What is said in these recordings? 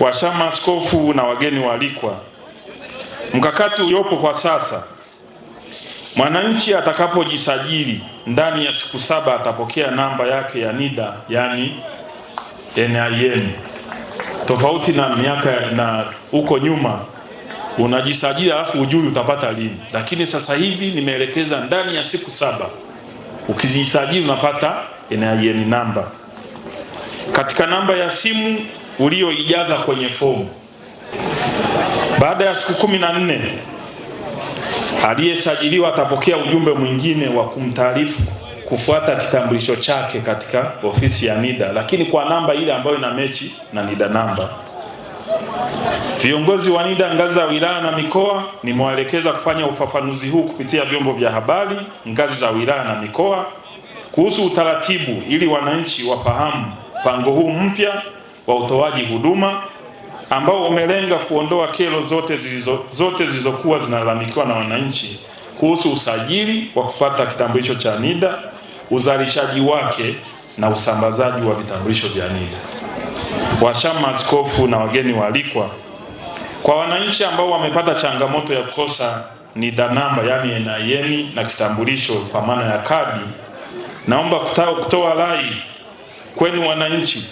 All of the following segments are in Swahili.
washama askofu na wageni waalikwa, mkakati uliopo kwa sasa, mwananchi atakapojisajili ndani ya siku saba atapokea namba yake ya NIDA yani NIN, tofauti na miaka na huko nyuma unajisajili alafu ujui utapata lini, lakini sasa hivi nimeelekeza ndani ya siku saba ukijisajili unapata NIN namba. Katika namba ya simu ulioijaza kwenye fomu. Baada ya siku kumi na nne aliyesajiliwa atapokea ujumbe mwingine wa kumtaarifu kufuata kitambulisho chake katika ofisi ya NIDA, lakini kwa namba ile ambayo ina mechi na NIDA namba. Viongozi wa NIDA ngazi za wilaya na mikoa nimewaelekeza kufanya ufafanuzi huu kupitia vyombo vya habari ngazi za wilaya na mikoa kuhusu utaratibu, ili wananchi wafahamu mpango huu mpya wa utoaji huduma ambao umelenga kuondoa kero zote zilizo zote zilizokuwa zinalalamikiwa na wananchi kuhusu usajili wa kupata kitambulisho cha NIDA, uzalishaji wake na usambazaji wa vitambulisho vya NIDA. Washamu askofu na wageni waalikwa, kwa wananchi ambao wamepata changamoto ya kukosa NIDA namba, yani NIN na kitambulisho kwa maana ya kadi, naomba kutoa rai kwenu wananchi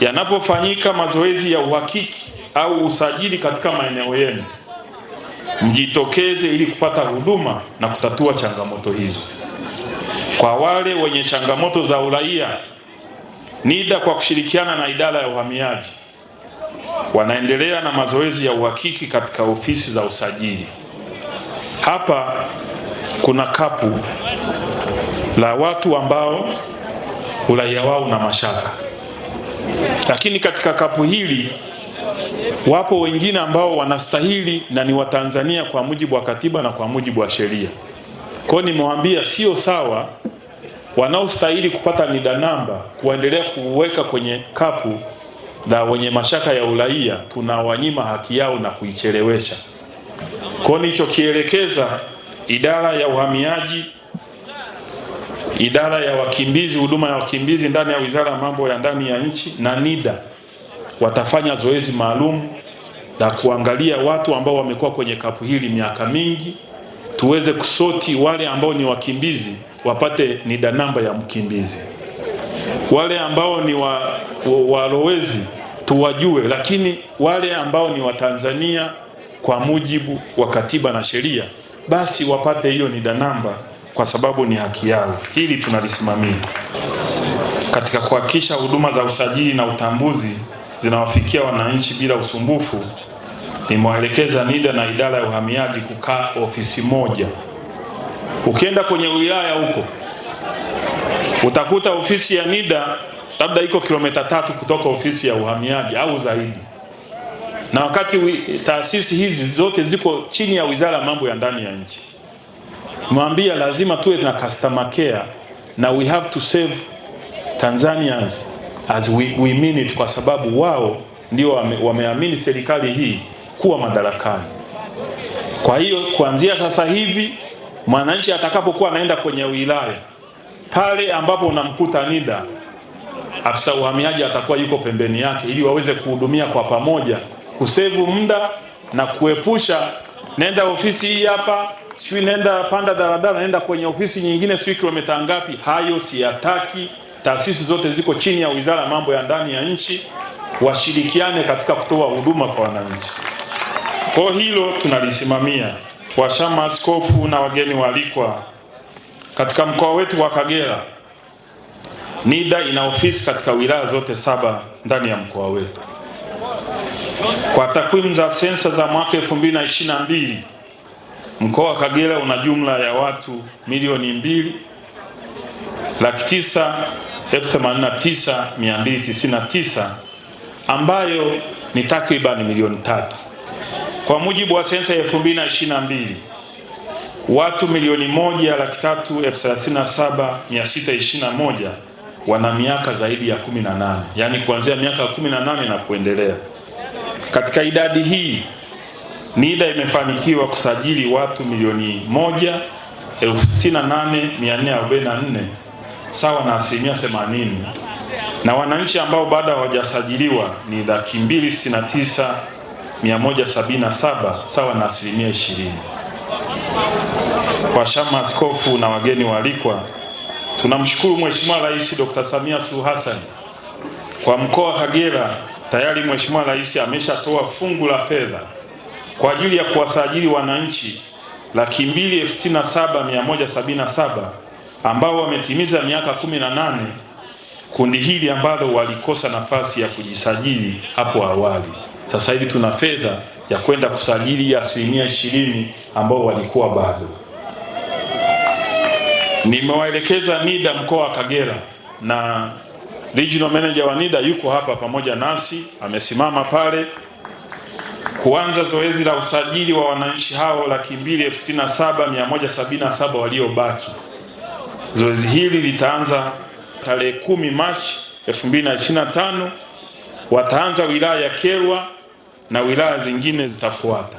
yanapofanyika mazoezi ya uhakiki au usajili katika maeneo yenu, mjitokeze ili kupata huduma na kutatua changamoto hizo. Kwa wale wenye changamoto za uraia, NIDA kwa kushirikiana na idara ya uhamiaji wanaendelea na mazoezi ya uhakiki katika ofisi za usajili. Hapa kuna kapu la watu ambao uraia wao una mashaka. Lakini katika kapu hili wapo wengine ambao wanastahili na ni Watanzania kwa mujibu wa katiba na kwa mujibu wa sheria. Kwa nimewaambia sio sawa wanaostahili kupata NIDA namba kuendelea kuweka kwenye kapu la wenye mashaka ya uraia, tunawanyima haki yao na kuichelewesha. Kwa hiyo nilichokielekeza idara ya uhamiaji idara ya wakimbizi, huduma ya wakimbizi ndani ya wizara ya mambo ya ndani ya nchi na NIDA watafanya zoezi maalum la kuangalia watu ambao wamekuwa kwenye kapu hili miaka mingi, tuweze kusoti wale ambao ni wakimbizi wapate NIDA namba ya mkimbizi, wale ambao ni wa, walowezi tuwajue, lakini wale ambao ni Watanzania kwa mujibu wa katiba na sheria basi wapate hiyo NIDA namba kwa sababu ni haki yao. Hili tunalisimamia katika kuhakikisha huduma za usajili na utambuzi zinawafikia wananchi bila usumbufu. Nimewaelekeza NIDA na idara ya uhamiaji kukaa ofisi moja. Ukienda kwenye wilaya huko utakuta ofisi ya NIDA labda iko kilomita tatu kutoka ofisi ya uhamiaji au zaidi, na wakati taasisi hizi zote ziko chini ya wizara ya mambo ya ndani ya nchi. Mwambia lazima tuwe na customer care na we have to save Tanzanians as we, we mean it, kwa sababu wao ndio wame, wameamini serikali hii kuwa madarakani. Kwa hiyo kuanzia sasa hivi mwananchi atakapokuwa anaenda kwenye wilaya pale ambapo unamkuta NIDA, afisa uhamiaji atakuwa yuko pembeni yake, ili waweze kuhudumia kwa pamoja, kusevu muda na kuepusha nenda ofisi hii hapa sijui nenda panda daladala, nenda kwenye ofisi nyingine, sijui kilomita ngapi. Hayo siyataki. Taasisi zote ziko chini ya Wizara ya Mambo ya Ndani ya Nchi, washirikiane katika kutoa huduma kwa wananchi. Kwa hilo tunalisimamia. Washama askofu na wageni waalikwa, katika mkoa wetu wa Kagera NIDA ina ofisi katika wilaya zote saba ndani ya mkoa wetu. Kwa takwimu za sensa za mwaka 2022 Mkoa wa Kagera una jumla ya watu milioni mbili laki tisa elfu themanini na tisa mia mbili tisini na tisa ambayo ni takribani milioni tatu. Kwa mujibu wa sensa ya 2022 watu milioni moja laki tatu elfu thelathini na saba mia sita ishirini na moja wana miaka zaidi ya 18, yaani kuanzia miaka 18 na kuendelea. Katika idadi hii NIDA imefanikiwa kusajili watu milioni moja nne sawa na asilimia 80, na wananchi ambao bado hawajasajiliwa ni laki mbili saba sawa na asilimia 20. Kwa Shama Askofu na wageni waalikwa, tunamshukuru Mheshimiwa Rais Dr. Samia Suluhu Hassan kwa mkoa wa Kagera. Tayari Mheshimiwa Rais ameshatoa fungu la fedha kwa ajili ya kuwasajili wananchi laki mbili elfu sitini na saba mia moja sabini na saba ambao wametimiza miaka kumi na nane kundi hili ambalo walikosa nafasi ya kujisajili hapo awali. Sasa hivi tuna fedha ya kwenda kusajili asilimia ishirini ambao walikuwa bado. Nimewaelekeza NIDA mkoa wa Kagera na regional manager wa NIDA yuko hapa pamoja nasi, amesimama pale kuanza zoezi la usajili wa wananchi hao laki mbili elfu sitini na saba mia moja sabini na saba waliobaki. Zoezi hili litaanza tarehe kumi Machi 2025. Wataanza wilaya ya Kyerwa na wilaya zingine zitafuata.